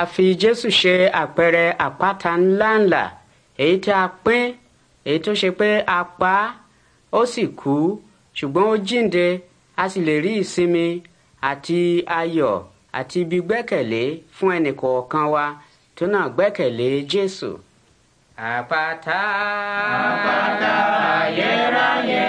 àfi jésù ṣe àpẹẹrẹ àpáta ńláńlá èyí tí a pín èyí tó ṣe pé a pa á ó sì kú ṣùgbọ́n ó jíǹde a sì lè rí ìsinmi àti ayọ̀ àti ibi gbẹ́kẹ̀lé fún ẹnì wa tó náà gbẹ́kẹ̀lé jésù. àpáta àpáta ayérayé.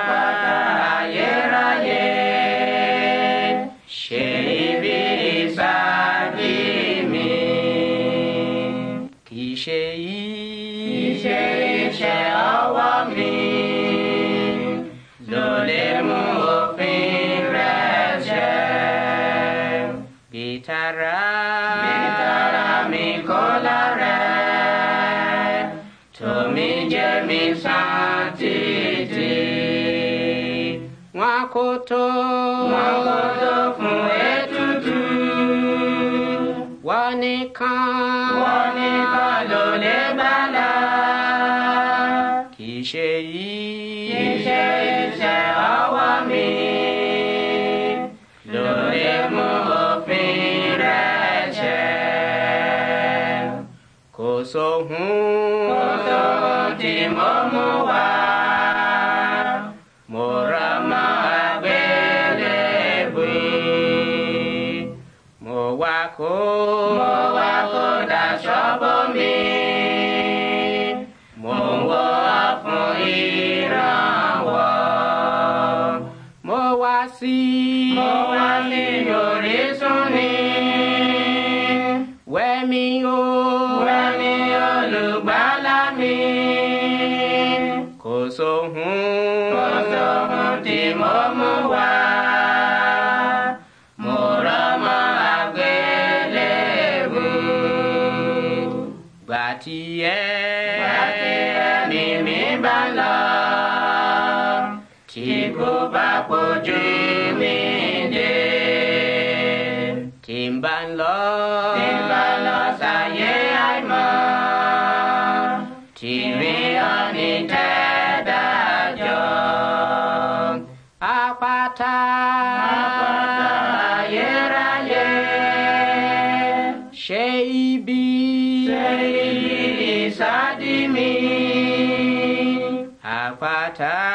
אישי אישי העולמים זולם ופין רשם ביתרה ביתרה מכל הרב תומי ג'מי סנטיטי וואקוטו וואקוטו פמואל wọ́n nìkan. wọ́n nìkan ló lè gbàlà. kì í ṣe yìí. kì í ṣe iṣẹ́ ọwọ́ mi. ló mú òfin rẹ̀ ṣẹ. kò sóhun. kò sóhun tí mo mú wá. kó. mo wá kó daṣọ bómi. mo ń wọ́ fún ìrànwọ́. mo wá sí. mo wá sí orísun mi. wẹ́mi o. wẹ́mi olùgbàlà mi. kò sóhun. kò sóhun. Batiye, Batie, batie ni mimbala, chikupa pojuminde, timbalo, timbalo saye aima, timi anite. beside me. Aquata.